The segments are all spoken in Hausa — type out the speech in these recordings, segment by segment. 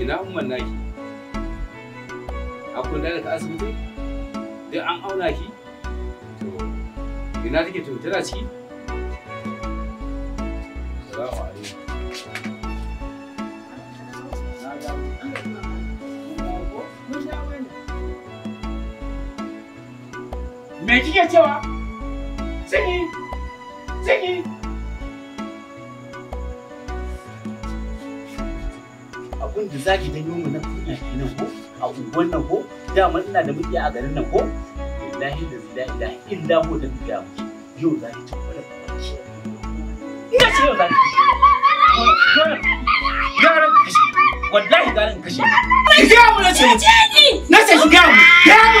ina umman naki a kun da daga asibiti duk an auna ki to ina take to tana ciki salamu alaikum Me kike cewa? da za ki janyo mu na ko a unguwan nan ko dama ina da muke a garin nan ko lillahi da zida ila illa ko da biya yau za ki tafi da kwanci ina ce yau za ki gara kashe wallahi gara ku kashe ki ga mu na ce na ce ki ga mu ga mu ga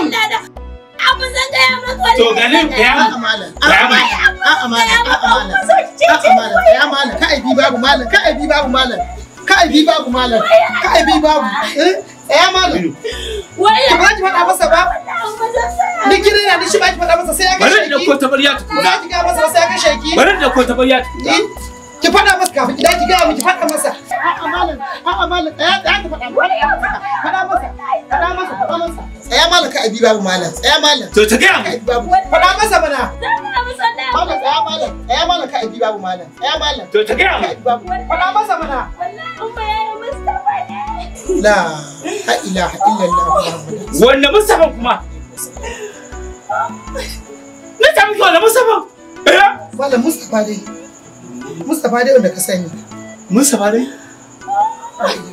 mu to ganin malam a'a malam a'a malam a'a malam a'a malam ka aibi babu malam ka aibi babu malam bi babu malam kai bi babu eh, eh malam wai ba baki fada masa ba ni kire na ni shi ba baki fada masa sai ya kashe ki bari da ko tabariya tukuna baki ga masa sai ya kashe ki bari da ko tabariya tukuna ki fada masa kafin ki daki ga mu ki fada masa a'a tsaya tsaya ka faɗa masa masa masa ka abi babu malam tsaya malam to ta gaya mu babu faɗa masa mana ka babu la ha ilaha illallah wanda mustafa kuma na ta miki wanda mustafa eh malam mustafa dai mustafa dai wanda ka sani Mun dai? yaron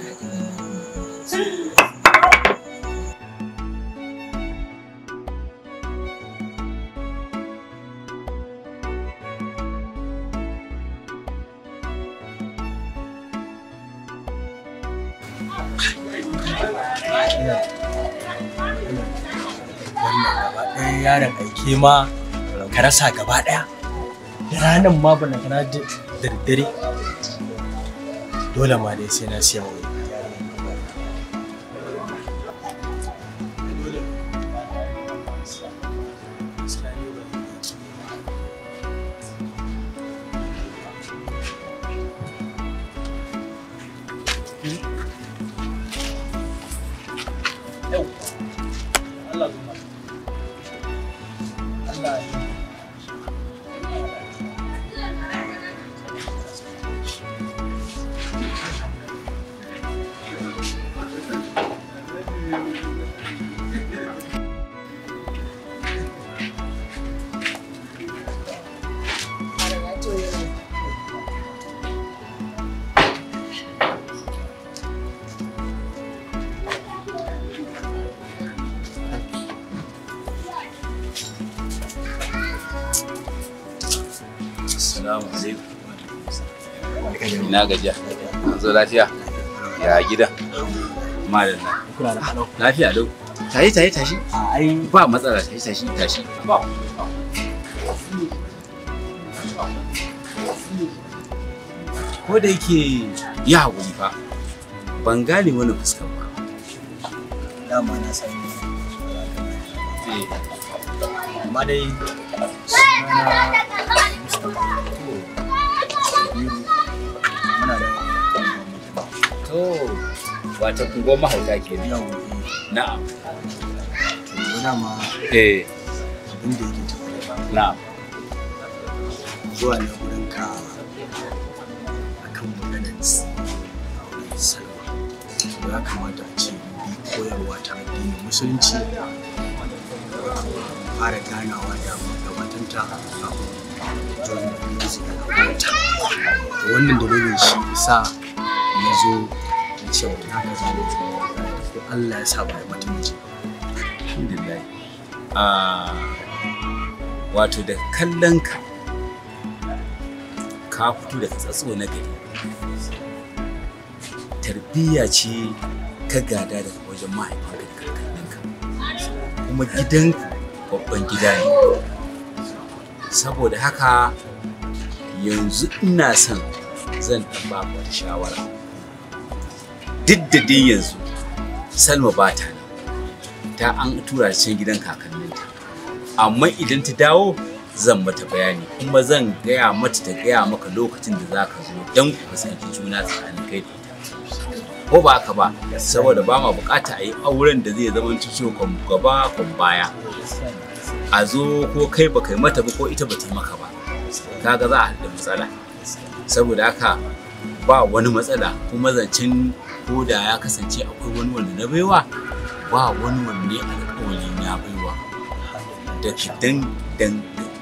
aike ma ka rasa gaba daya da ranar ma bana na da daddare No es la madre, se nació ina gajiya an zo lafiya ya gida madalla da lafiya lau tashi tashi tashi ba matsala tashi tashi tashi ko da yake ya haƙuri fa ban gane wani fuskar ba dama na sani eh. amma dai Oh, wata kungo mahauta ke ne. Na'am. Yanzu dama. Eh. Abin da yake tafiya. Na'am. Zuwa ne wurin ka akan maganar salwa. Ya kamata a ce koyarwa ta addinin musulunci fara ganawa da magatanta kafin wannan dalilin shi sa ya zo ce wa na ka ko Allah ya sa ba ya mata mace alhamdulillah ah, wato da kallon ka ka fito da tsatso na gari tarbiyya ce ka gada daga wajen mahaifinka da ka kuma gidan babban gida ne saboda haka yanzu ina son zan ba ku shawara duk da din yanzu salma ba ta ta an tura cikin gidan kakanninta amma idan ta dawo zan mata bayani kuma zan gaya mata ta gaya maka lokacin da za ka zo don ku kasance juna tsakanin kai da ita ko ba haka ba saboda ba ma bukata a yi auren da zai zama cikin gaba kun baya a zo ko kai ba kai mata ba ko ita ba ta maka ba kaga za a haɗa matsala saboda haka ba wani matsala kuma zancen ko da ya kasance akwai wani wanda na baiwa ba wani wanda alƙawari na baiwa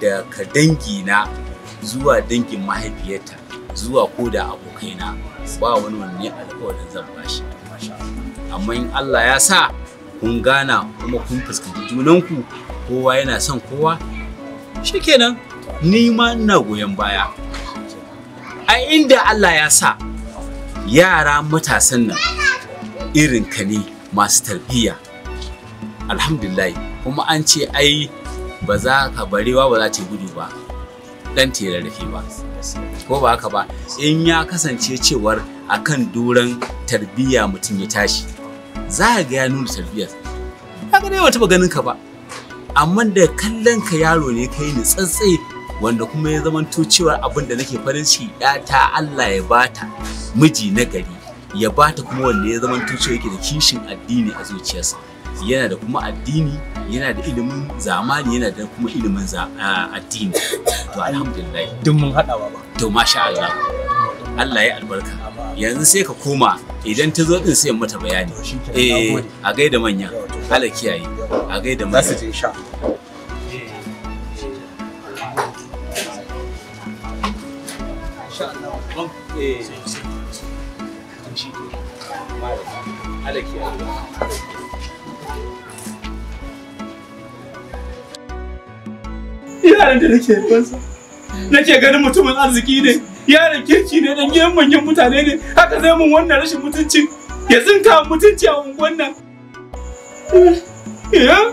da ka dangi na zuwa dangin mahaifiyarta zuwa ko da abokaina ba wani wanda alƙawarin zan bashi amma in Allah ya sa kun gana kuma kun fuskanci junanku kowa yana son kowa shikenan ni ma ina goyon baya a inda Allah ya sa yara matasan nan irin ka ne masu tarbiyya alhamdulillah kuma an ce ai ba za ka barewa ba za ta gudu ba dan tera rarrafe ba ko ba haka ba in ya kasance cewar akan doron tarbiyya mutum ya tashi za ga ya nuna tarbiyyar ka ga dai wata ba ganin ka ba amma da kallon ka yaro ne kai ni tsantsai wanda kuma ya zamanto cewa abin da nake farin ciki ta Allah ya bata miji na gari ya bata kuma wanda ya zamanto cewa yake da kishin addini a zuciyarsa yana da kuma addini yana da ilimin zamani yana da kuma ilimin addini to alhamdulillah duk mun wa ba to masha Allah Allah ya albarka yanzu sai ka koma idan ta zo din sai mata bayani eh a gaida manya Allah kiyaye a gaida manya zasu sha Allah eh. da nake fansa nake ganin mutumin arziki ne yaron kirki ne dan gidan manyan mutane ne haka zai mun wannan rashin mutunci ya tsinka mutunci a unguwan nan ya eh?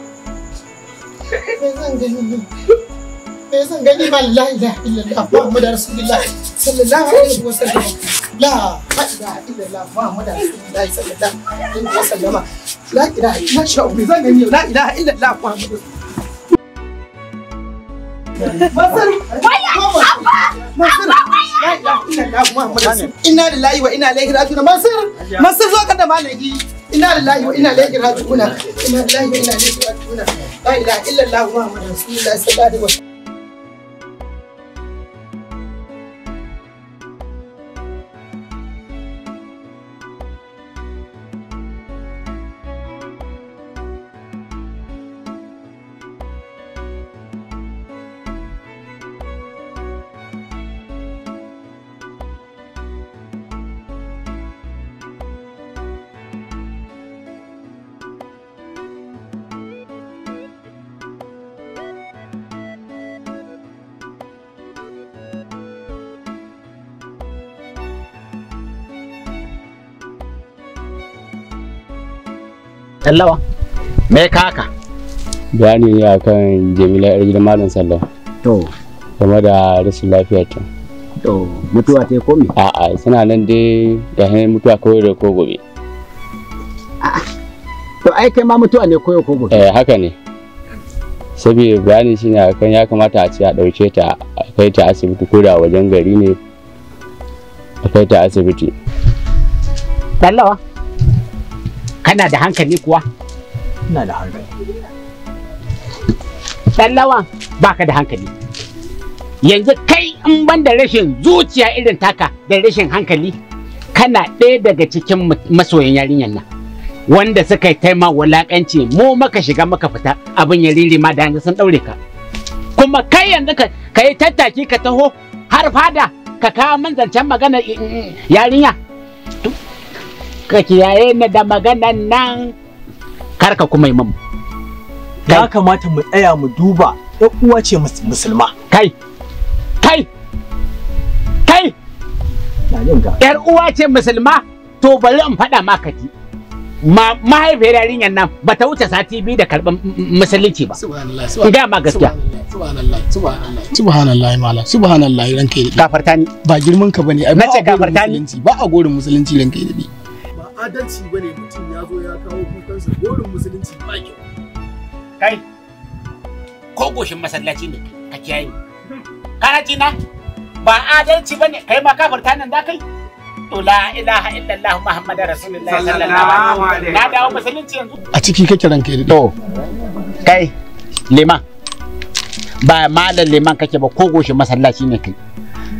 san eh? gani ma la ilaha illallah muhammadu rasulullah sallallahu alaihi wasallam la ilaha illallah muhammadu rasulullah sallallahu alaihi wasallam la ilaha illallah la ilaha illallah muhammadu Ina lillahi wa ina ilaihi raji'un Mansur Mansur zo ka da malami Ina lillahi wa ina ilaihi raji'un Ina lillahi wa ina ilaihi raji'un La ilaha illallah Muhammadur Rasulullah sallallahu da wasu. Sallawa. Me kaka? Bayani ne akan Jamila yar gidan Malam Sallawa. To. Game da rashin lafiya ta. To, mutuwa ta ko me? A'a, suna nan dai ga hanyar mutuwa kawai da ko gobe. To ai kai ma mutuwa ne koyo ko gobe? Eh, haka ne. Saboda bayanin shine akan ya kamata a ce a ɗauke ta a kai ta asibiti ko da wajen gari ne a kai ta asibiti. Sallawa. kana da hankali kuwa ina da hankali dan lawa baka da hankali yanzu kai in banda rashin zuciya irin taka da rashin hankali kana ɗaya daga cikin masoyan yarinyar nan wanda suka yi taima wulakanci mu maka shiga maka fita abin ya riri ma da sun ɗaure ka kuma kai yanzu ka yi tattaki ka taho har fada ka kawo manzancan magana eh, eh, yarinya ka kiyaye ni da maganan nan kar ka kuma yi ya kamata mu tsaya mu duba ɗan uwa ce musulma kai kai kai yar uwa ce musulma to bari in faɗa maka ji mahaifiyar yarinyar nan ba ta wuce sati biyu da karɓar musulunci ba. Ga ma gaskiya. Subhanallah subhanallah, subhanallah ranka yi. Gafarta ni. Ba girman ka bane ai ba a gurin musulunci ba a gurin musulunci ranka yi. adalci bane mutum ya zo ya kawo kukansa gorin musulunci ba kyau kai ko goshin masallaci ne ka kiyaye karaci na ba adalci bane kai ma kafarta nan da kai to la ilaha illallah muhammadar Rasulullah sallallahu alaihi na dawo musulunci yanzu a ciki kake ranka to kai liman ba malam liman kake ba ko goshin masallaci ne kai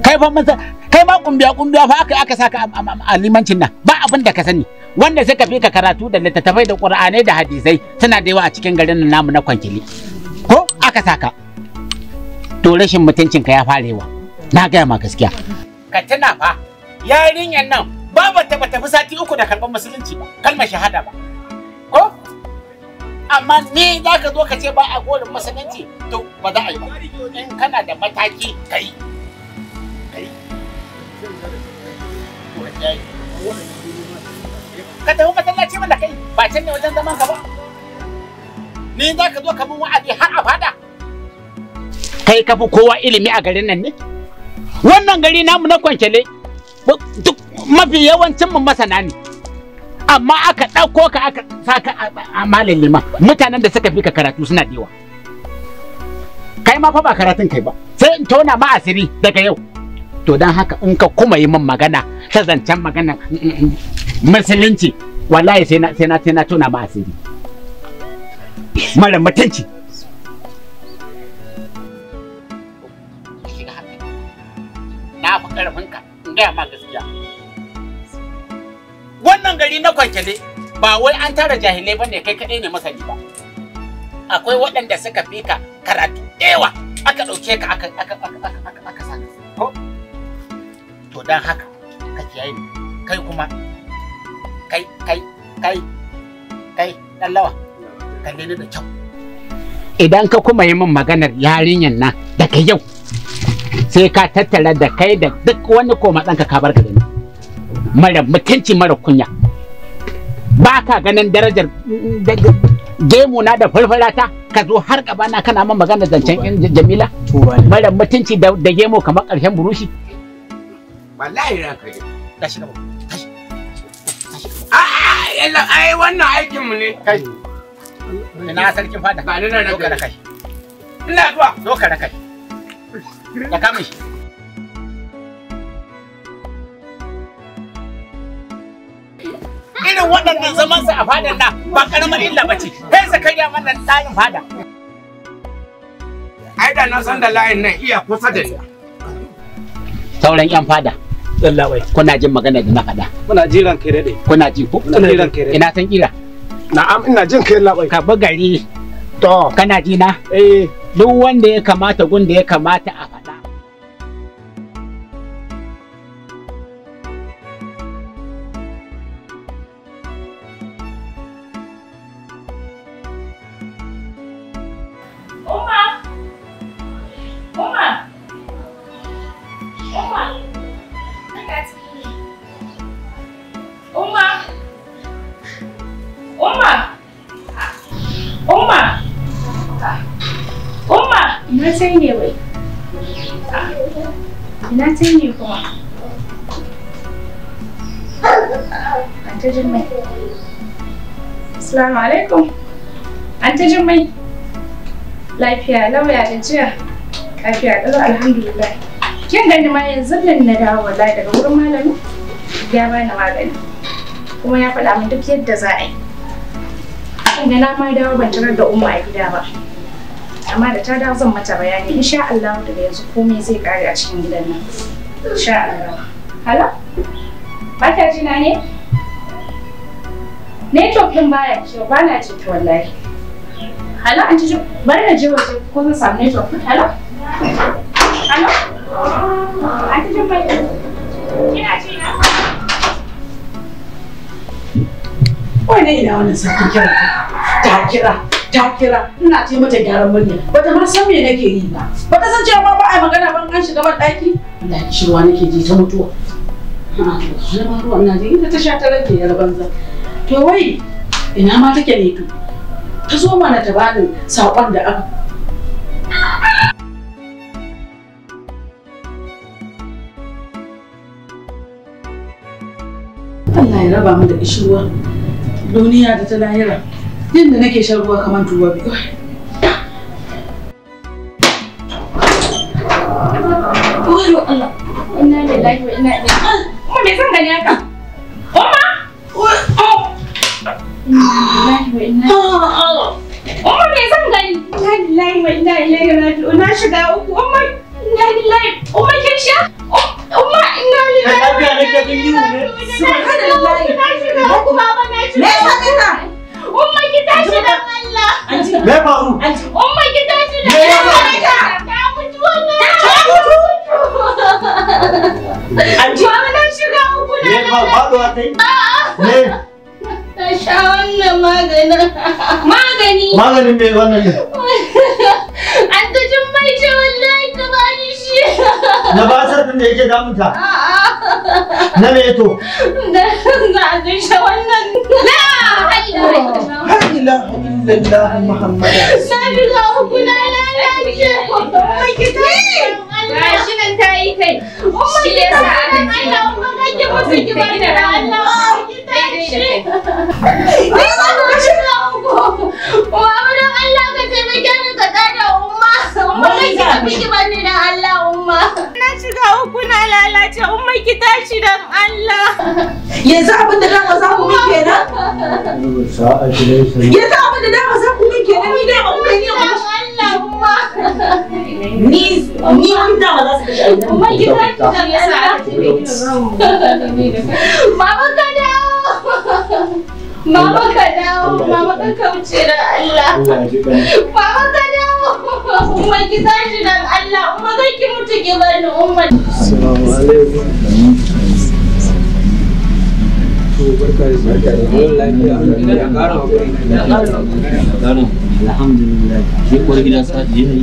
kai fa masa kai ma kumbiya kumbiya fa aka aka saka a limancin nan ba abin da ka sani wanda ka fi ka karatu da littattafai da qur'anai da hadisai suna da yawa a cikin garin nan namu na kwankili ko aka saka to rashin mutuncin ka ya farewa na gaya ma gaskiya ka tuna fa yarinyan nan ba ba ta tafi sati uku da karɓar musulunci ba kalmar shahada ba ko amma ni za ka zo ka ce ba a gorin musulunci to ba za a yi ba in kana da mataki ni za ka zo ka min har a fada kai ka fi kowa ilimi a garin nan ne wannan gari namu na kwankyale duk mafi yawancin mu masana ne amma aka ɗauko ka aka saka a malin mutanen da suka fi ka karatu suna da yawa kai ma fa ba karatun kai ba sai in tona ma asiri daga yau to don haka in ka kuma yi min magana ta zancen magana mm, mm, mm, musulunci wallahi sai na tona ma asiri mara mutunci na fi ƙarfinka in gaya ma gaskiya wannan gari na kwankele ba wai an tara jahilai ba ne kai kaɗai ne masani ba akwai waɗanda suka fi ka karatu yawa aka ɗauke ka aka aka aka aka aka sa ko to dan haka ka kiyaye kai kuma kai kai kai kai dan lawa kalle ni da kyau idan ka kuma yi min maganar yarinyan nan daga yau sai ka tattara da kai da duk wani koma ɗanka ka bar gari mara mutunci mara kunya ba ka ganin darajar mm, gemu na da fulfulata ka zo har gaba na kana min maganar zancen in jamila mara mutunci da gemu kamar ƙarshen burushi wallahi ran kai tashi gaba tashi ai wannan aikinmu ne kai Ina sarkin fada. Ba ni nan da kai. Ina zuwa. Zo ka kai. Da kame. shi. Irin waɗannan zamansa a fadan na ba ƙaramar illa ba ce. Kai sa kai mana tsarin fada. Ai da na san da layin nan iya kusa da ni. Sauran ƴan fada. Kuna jin magana da na faɗa. Kuna jiran kai daɗe. Kuna ji ko? Kuna jiran kai daɗe. Ina san kira. Na'am ina jin kai labai. Ka bi gari. To. Kana jina. na? Eh. Duk wanda ya kamata gun da ya kamata a na sai ne bai ina sai ne kuma anta jimmai assalamu alaikum anta jimmai lafiya lauya da jiya lafiya ɗaro alhamdulillah kin gani ma yanzu nan na dawo wallahi daga wurin malami ya bani magani kuma ya faɗa min duk yadda za a yi kin ga na ma dawo ban tarar da umma a gida ba amma da ta dawo zan mata bayani insha Allah daga yanzu komai zai kare a cikin gidan nan insha Allah Hala? ba ta jina ne network kin baya ce ba na ce ta wallahi Hala an ji ba na je waje ko zan samu network Hala? Hala? an ji ne. kina ji na wani ina wannan sakin kira ta kira ta kira ina ce mata gyaran murya bata ma san me nake yi ba bata san cewa ba a magana ban an shiga ban daki da kishirwa nake ji ta mutuwa zama ruwan na jin ta sha ta rage yar banza to wai ina ma take ne to ta zo mana ta bani sakon da aka Allah ya raba mu da kishirwa duniya da ta lahira yadda nake shan ruwa kamar tuwa biyu Ina da ina da. Kuma me zan gani haka? Oh! Ah, ah. me zan gani? Ina da ina da na shiga uku. ina da sha? ina da ne. Subhanallahi. Na shiga uku Umma ki tashi dan Allah. Me faru? Umma ki tashi dan Allah. Ta mutu wannan. Ta mutu. Anji. Ba na shiga uku na. Me ba faduwa tai? Me? Ta sha wannan maganin. Magani. Maganin me wannan ne? An ta mai ce wallahi. na basar din da yake damunta na me to wannan la ilaha illallah muhammad sallallahu alaihi wa Ga shi nan ta yi kai. Shi ya sa aka ce. Allah kun ga ki mutu ki bar da Allah ki Ni ma ku ga shi na uku. Wa mun Allah ka taimake ni ka tada umma. Umma kai ki tafi ki ni da Allah umma. Na shiga uku na lalace umma ki tashi dan Allah. Yanzu abin da dama za ku min kenan. Yanzu abin da dama za ku min kenan ni dai ba ku umma. Allah umma. Ni ni duk dama za su kashe aiki. Mai gida kidan ya sa Mama ka dawo. Mama ka dawo, mama ka kauce da Allah. Mama ka dawo. Umma ki tashi dan Allah, umma ki mutu ki bar ni umma. Assalamu alaikum. Alhamdulillah. gida sa je yi.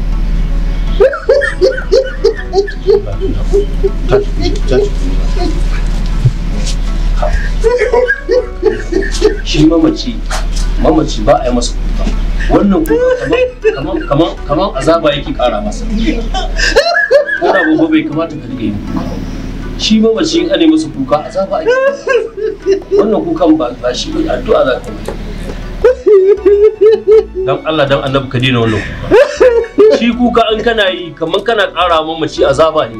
shi mamaci mamaci ba a yi masa kuka wannan kuka kamar kamar azaba yake kara masa ko da gobe bai kamata ka rike shi mamaci in ana masa kuka azaba ake wannan kukan ba ba shi bai addu'a za ka yi dan Allah dan Annabi ka dina wannan kuka shi kuka an kana yi kamar kana ƙara mamaci azaba ne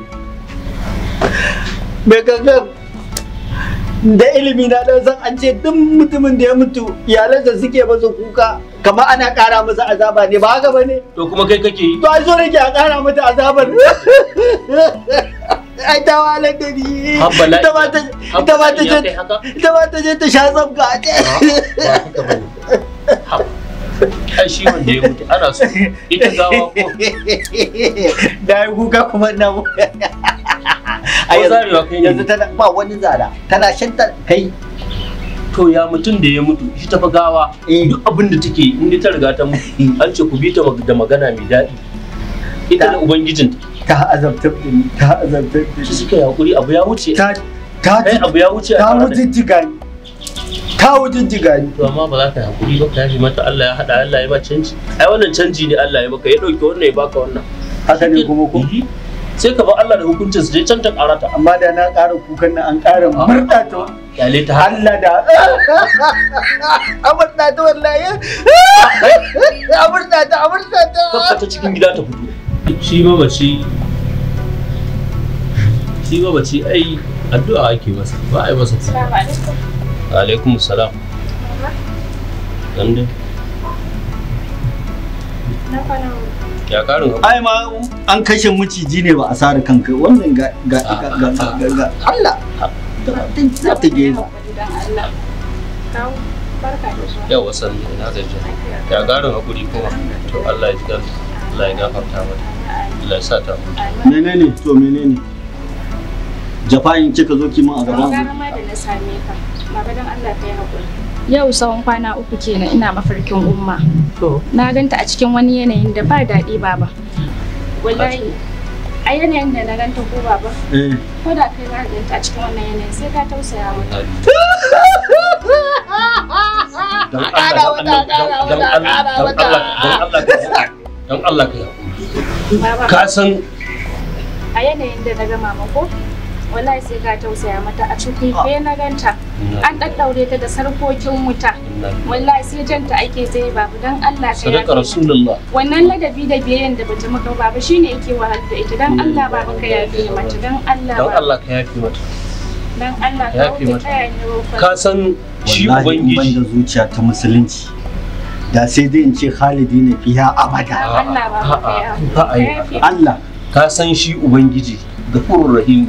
mai gangan da ilimi na dan zan an ce duk mutumin da ya mutu iyalansa suke masa kuka kamar ana ƙara masa azaba ne ba haka ba ne to kuma kai kake yi to an so nake a ƙara mata azabar ai ta wala da ni ita ma ta je ta sha tsabga ai shi wanda ya mutu ana so ita gawa ko da ya kuka kuma na mu a yanzu tana ba wani zara tana shan ta kai to ya mutum da ya mutu shi ta gawa eh. duk abin da take in dai ta riga ta mutu an ce ku bi ta da magana mai daɗi ita da ubangijin ta azabtar da ni ta azabtar da suka yi abu ya wuce ta ta eh, abu ya wuce ta mutu tigani kawo jijjiga ni to amma ba za ka hakuri ba ka mata Allah ya haɗa, Allah ya ba canji ai wannan canji ne Allah ya baka ya dauke wannan ya baka wannan haka ne kuma ko mhm. sai ka ba Allah da hukuncin su je can ta ƙarata. amma da na ƙara kukan nan an ƙara murda ta kyale ta Allah da amurda ta wallahi amurda ta amurda ta kafa ta cikin gida ta fito shi mamaci shi mamaci ai addu'a ake masa ba ai masa assalamu alaikum alaikum salam dande ya karin ai ma an kashe maciji ne ba a sare kanka wannan ga ga ga ga ga Allah za ta geza yawa sannu na gaji ya garin hakuri kuma to Allah ya ji Allah ya gafarta mata Allah ya sa ta mutu menene to menene jafa'in kika zo kima a gaban mu da na same ka Baba Allah yi haƙuri. Yau tsawon kwana uku kenan ina mafarkin umma. To. Na ganta a cikin wani yanayin da ba daɗi baba. Wallahi a yanayin da na ganta ko baba. Eh. Ko da kai ma ganta a cikin wannan yanayin sai ka tausaya mata. Don Allah ka yi haƙuri. Ka san a yanayin da na gama ko. wallahi sai ka tausaya mata a cikin ke eh, na ganta an daddaure ta da sarkokin wuta wallahi sai janta ake zai babu dan Allah ka yaka rasulullah wannan ladabi da biyayyan da bata maka babu shine yake wahal da ita dan hmm. Allah babu ka yafe mata dan Allah dan Allah ka yafe mata dan Allah ka yafe mata ka san shi ubangiji banda zuciya ta musulunci da sai dai in ce Khalidi na fiya abada Allah ba Allah ka san shi ubangiji da gafurur rahim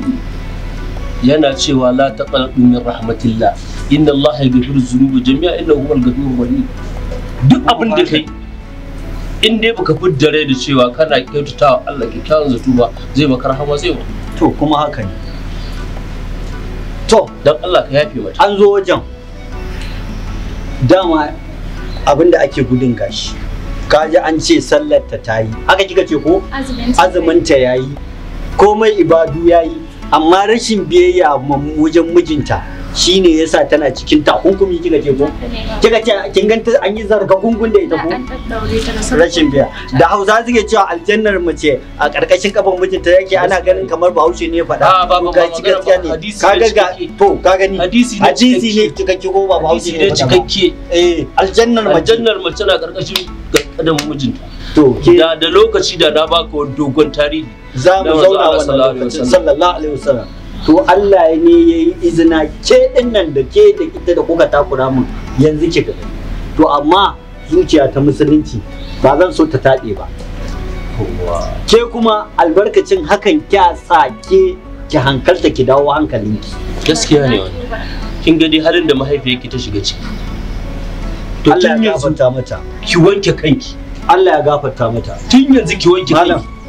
yana cewa la taqnatu min rahmatillah inna Allah yaghfiru dhunuba jami'a innahu huwal ghafurur rahim duk abin da kai in dai baka fuddare da cewa kana kyautatawa Allah kyakkyawan zato ba zai baka rahama zai ba to kuma haka ne to dan Allah ka yafe mata an zo wajen dama abin da ake gudun gashi kaji an ce sallar ta tayi haka kika ce ko azumin ta yayi komai ibadu yayi amma rashin biyayya wajen mijinta shine sa tana cikin ta hukumi kika ce ko kika ce kin ganta an yi zarga gungun da ita ko rashin biya da Hausa suke cewa aljannar mace a karkashin kafan mijinta yake ana ganin kamar Bahaushe ne faɗa ga gaskiya ne kaga ga to ka gani hadisi ne cikakke ko ba Bahaushe ne cikakke eh aljannar mace aljannar mace na karkashin kadan mijinta to da lokaci da da ka dogon tarihi za mu zauna wannan lokacin sallallahu alaihi wasallam to Allah ne ya yi izina ke din nan da ke da ita da kuka takura mun yanzu ki ga to amma zuciya ta musulunci ba zan so ta taɗe ba ke kuma albarkacin hakan kya sa ke ki hankalta ki dawo hankalinki gaskiya ne wannan kin gadi dai halin da mahaifiyarki ta shiga ciki to Allah ya gafarta mata ki wanke kanki Allah ya gafarta mata tun yanzu ki wanke kanki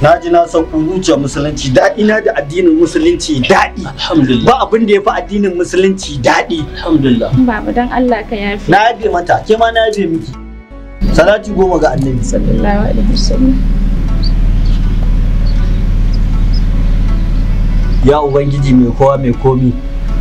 na ji na sauko zuciya musulunci daɗi na da addinin musulunci daɗi alhamdulillah ba abin da ya fi addinin musulunci daɗi alhamdulillah babu dan Allah ka yafi na yabe mata ke ma na yabe miki salati goma ga annabi sallallahu alaihi wasallam ya ubangiji mai kowa mai komi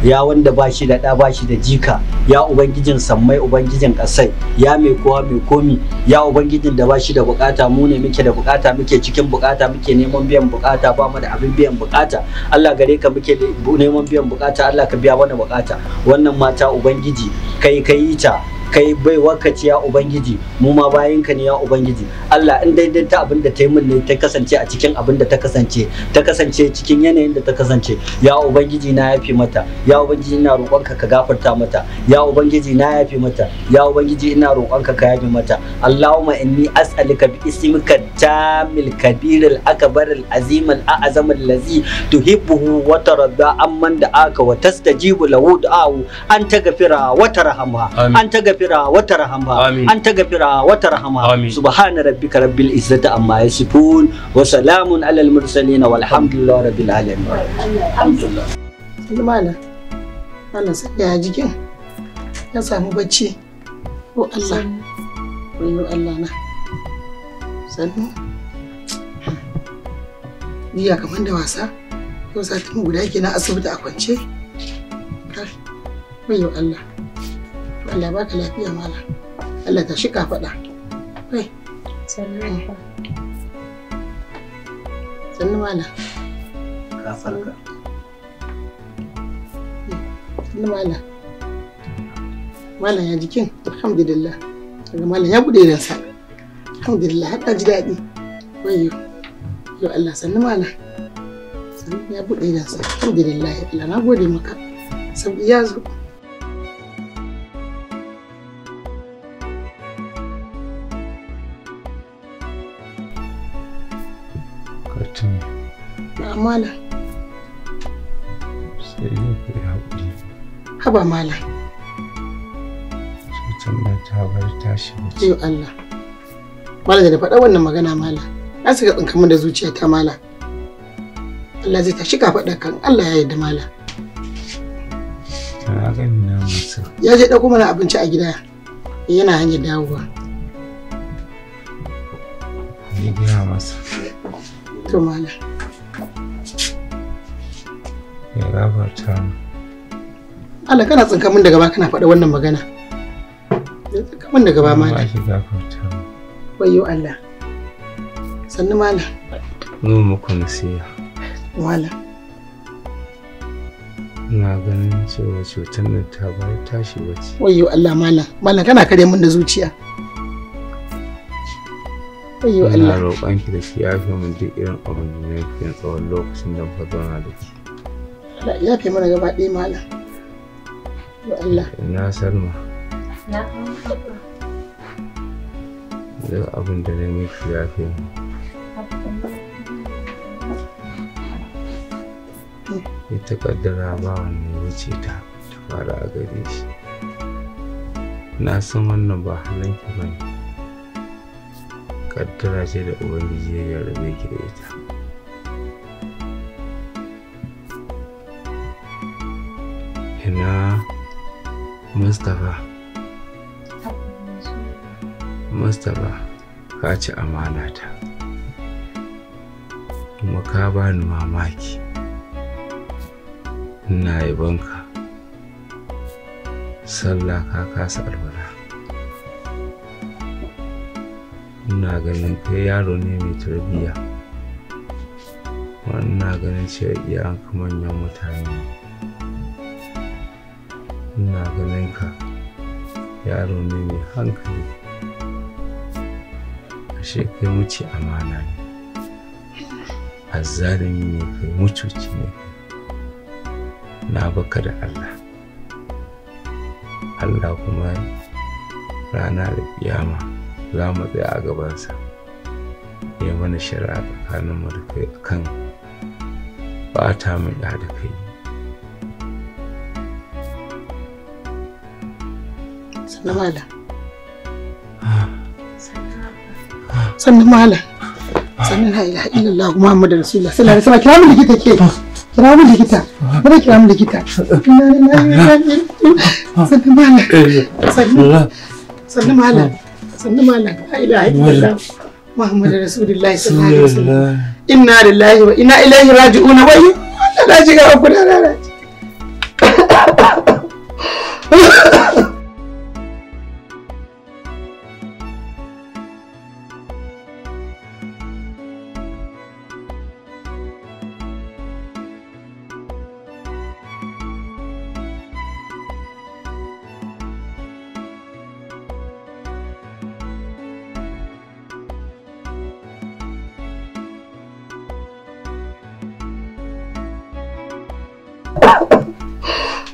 ya wanda ba shi da ɗa ba shi da jika ya ubangijin sammai ubangijin ƙasai ya mai kowa mai komi ya ubangijin da ba shi da bukata mu ne muke da bukata muke cikin bukata muke neman biyan bukata ba mu da abin biyan bukata Allah gare ka muke neman biyan bukata Allah ka biya mana bukata wannan mata ubangiji kai kai ta. kai bai wakaci ya ubangiji mu ma bayan ka ne ya ubangiji Allah in daidai ta abin da ta yi min ne ta kasance a cikin abin da ta kasance ta kasance cikin yanayin da ta kasance ya ubangiji na yafi mata ya ubangiji ina roƙonka ka gafarta mata ya ubangiji na yafi mata ya ubangiji ina roƙonka ka yafi mata Allahumma inni as'aluka bi ismika tamil kabiril akbaril al azam allazi tuhibbuhu wa tarda amman da aka wa tastajibu lahu da'u an tagfira wa tarhamha an tagfira gafira wa tarham ba anta gafira wa tarham subhana rabbika rabbil izzati amma yasifun wa salamun alal mursalin walhamdulillahi rabbil alamin alhamdulillah ana sanya jikin ya samu bacci ko oh, Allah wayo Allah na sannu jiya kamar da wasa yau satin guda kenan asibiti a kwance Allah Allah baka lafiya mala. Allah ta shika faɗa. Kai. Sannu Sannu mala. Ka farka. Sannu mala. Mala ya jikin alhamdulillah. Daga mala ya bude ransa. Alhamdulillah har ji daɗi. Wayyo. Yo Allah sannu mala. Sannu ya bude ransa. Alhamdulillah Allah na gode maka. Sabu ya zo. Malam. Sai ne ku yi haƙuri. Haba mala. Cutar na ta bar tashi mace. Yau Allah. Malam da faɗa wannan magana mala. Na saka tsinkamin da zuciya ta mala. Allah zai tashi ka faɗa kan Allah ya yarda Malam. Na gani na mutum. Ya je ɗauko mana abinci a gida. Yana hanyar dawowa. Ni gaya masa. To Malam. ya gafarta Allah kana tsinka min daga ba kana faɗa wannan magana tsinka min daga ba ma ne ake gafarta wayo Allah sannu malam mu muku nasiha malam na ganin cewa cutar da ta bai tashi wace wayo Allah malam malam kana kare min da zuciya wayo Allah ina roƙon ki da ki yafe min duk irin abin da nake tsawon lokacin da ba zauna da ki Allah ya fi mana gaba ɗaya malam. Allah. Na Salma. Duk abin da na miki ya fi yi. Hmm. Ita kaddara ba wani wuce ta ta fara a gare shi. Na san wannan ba halin ki bane. Kaddara ce da Ubangiji ya rabe ki da ita. ina mustapha mustapha ka ci amana ta kuma ka bani mamaki ina yabonka sallah ka kasa albara. ina ganin kai yaro ne mai tarbiyya ina ganin cewa kuma manyan mutane ne ina ganin ka yaro ne mai hankali ashe kai muci amana ne azzalimi ne kai mucuci ne na baka da Allah Allah kuma rana da kiyama za mu tsaya a gabansa ya mana shari'a tsakaninmu da kai akan ta mu da kai sannu malam sannu malam sannu la ilaha illallah muhammadu rasulullah sallallahu alaihi wasallam kira likita ke kira likita kira likita la ilaha muhammadu rasulullah sallallahu alaihi wasallam inna lillahi wa inna ilaihi raji'un wa inna ilaihi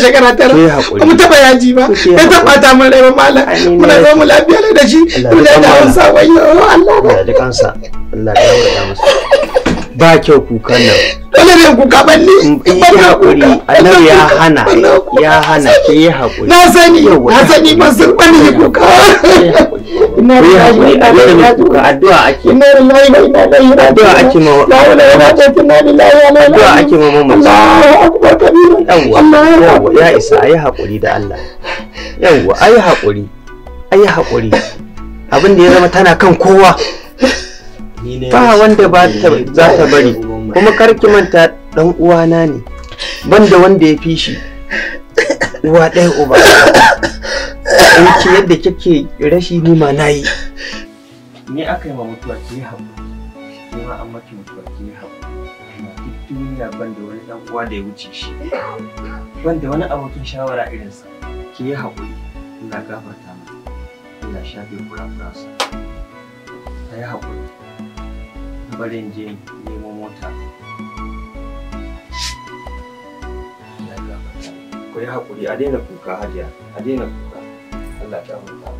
da shekara tara ba mu taba yaji ba ya taba ta mun rai ba malam muna zo mu lafiya da shi muna da hausa wani oh, Allah ba da kansa Allah ya rubuta masa ba kyau kukan nan dole ne kuka balle in hakuri annabi ya hana ya hana ke hakuri na sani na sani ba sun bani kuka ina da addu'a ake ina da layi mai ina da yi addu'a ake ma wa lawo da yana da tuna da layi ala addu'a ake ma mamma Allahu akbar kabira yawwa ya isa ayi hakuri da Allah yawwa ayi hakuri ayi hakuri abin da ya zama tana kan kowa ba wanda ba ta za ta bari kuma kar ki manta dan uwana ne banda wanda ya fi shi uwa ɗaya uba wuce yadda kike rashi ni ma nayi ni aka yi ma mutuwa ki yi haƙuri ni ma an maki mutuwa ki yi haƙuri duk duniya ban da wani dan uwa da ya wuce shi ban da wani abokin shawara irinsa ki yi haƙuri ina gafarta mata ina shafe kurakuransa ta yi haƙuri bari in je nemo mota ku yi haƙuri a daina kuka hajiya a daina kuka that down.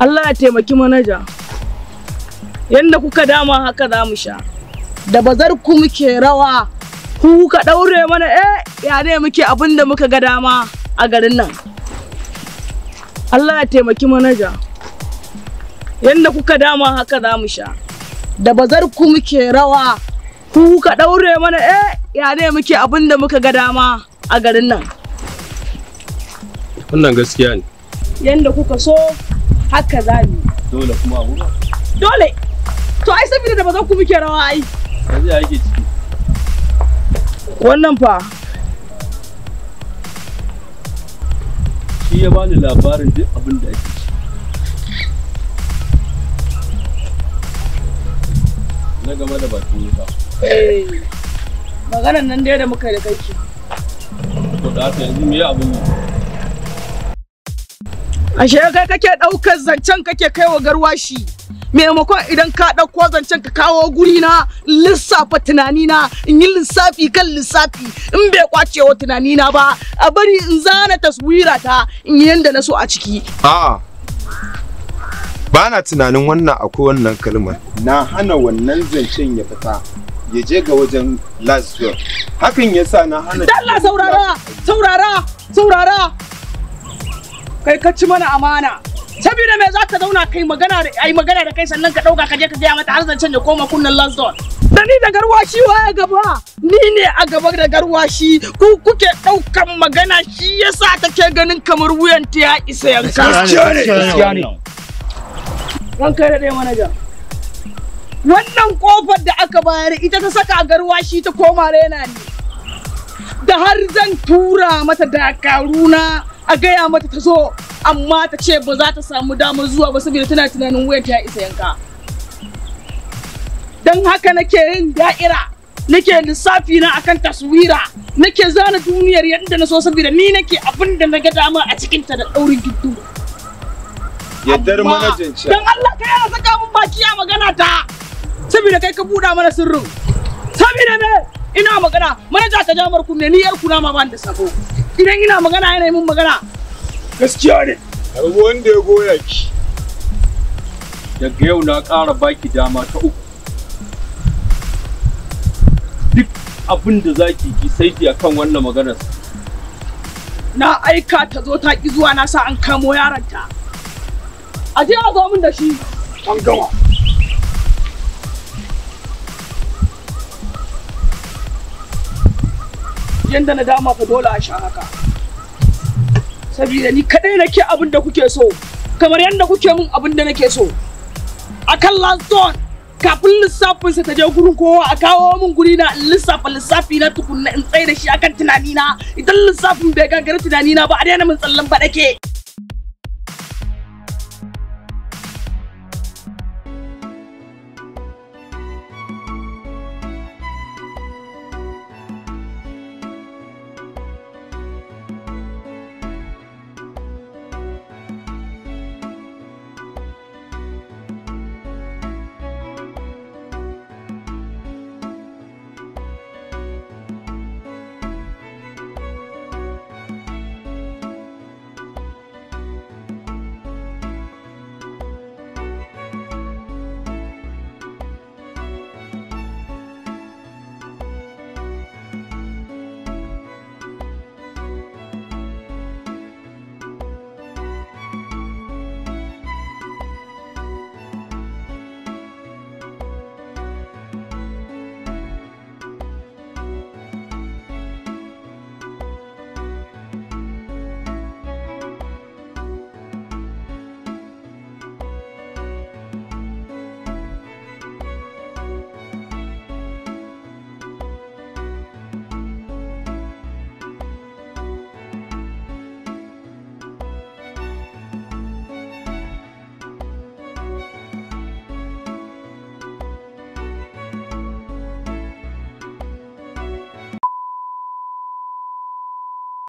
Allah ya taimaki manaja. Yanda kuka dama haka za mu sha. Da bazar ku muke rawa, ku ka ɗaure mana eh ya ne muke abin da muka ga dama a garin nan. Allah ya taimaki manaja. Yanda kuka dama haka za mu sha. Da bazar ku muke rawa, ku ka ɗaure mana eh ya ne muke abin da muka ga dama a garin nan. wannan gaskiya ne yanda kuka so haka za mu dole kuma abu dole to ai saboda da bazan ku muke rawa ai sai ya yake ciki wannan fa shi ya bani labarin duk abin da ake ci na game da bakin ba. Eh, maganan nan dai da muka da kai ki ko da haka yanzu me abin yi Ashe kai kake ɗaukar zancen kake kaiwa garwashi. Maimakon idan ka ɗauko zancen ka kawo guri na lissafa tunani na in yi lissafi kan lissafi in bai wa tunani na ba a bari in zana taswira ta in yi yanda na so a ciki. A'a. Ba na tunanin wannan akwai wannan kalmar. Na hana wannan zancen ya fita. ya je ga wajen Lazio. hakan ya sa na hana dalla saurara saurara saurara kai ka ci mana amana saboda me za ka zauna kai magana da ai magana da kai sannan ka dauka ka je ka gaya mata har zancen ya koma kunnen London da da garwashi waya gaba ni ne a gaba da garwashi ku kuke daukan magana shi yasa take ganin kamar wuyan ta ya isa yanka gaskiya ne kai da manaja wannan kofar da aka bayar ita ta saka garwashi ta koma rena ne da har zan tura mata dakaruna a gaya mata ta zo amma ta ce ba za ta samu damar zuwa ba saboda tana tunanin wayar ta isa yanka don haka nake yin da'ira nake lissafi na akan taswira nake zana duniyar yadda na so saboda ni nake abin da na ga dama a cikin ta da daurin giddu yaddar don Allah ka yana saka mun baki a magana ta saboda kai ka buɗa mana sirrin saboda me ina magana manaja ka jamar ne ni yar kuna ma ban da sabo idan ina magana yana min magana gaskiya ne karbi wanda ya goya ki daga yau na ƙara baki dama ta uku duk abin da za ki ki saiti a kan wannan maganar na aika ta zo ta ki zuwa na sa an kamo yaranta a a zo min da shi an gama wajen da na dama fa dole a sha haka saboda ni kadai nake abin da kuke so kamar yadda kuke min abin da nake so akan kan zone kafin lissafin sa ta je gurin kowa a kawo min guri na lissafa lissafi na tukunna in tsaye da shi akan tunani na. idan lissafin bai tunani na ba a daina min tsallan ba dake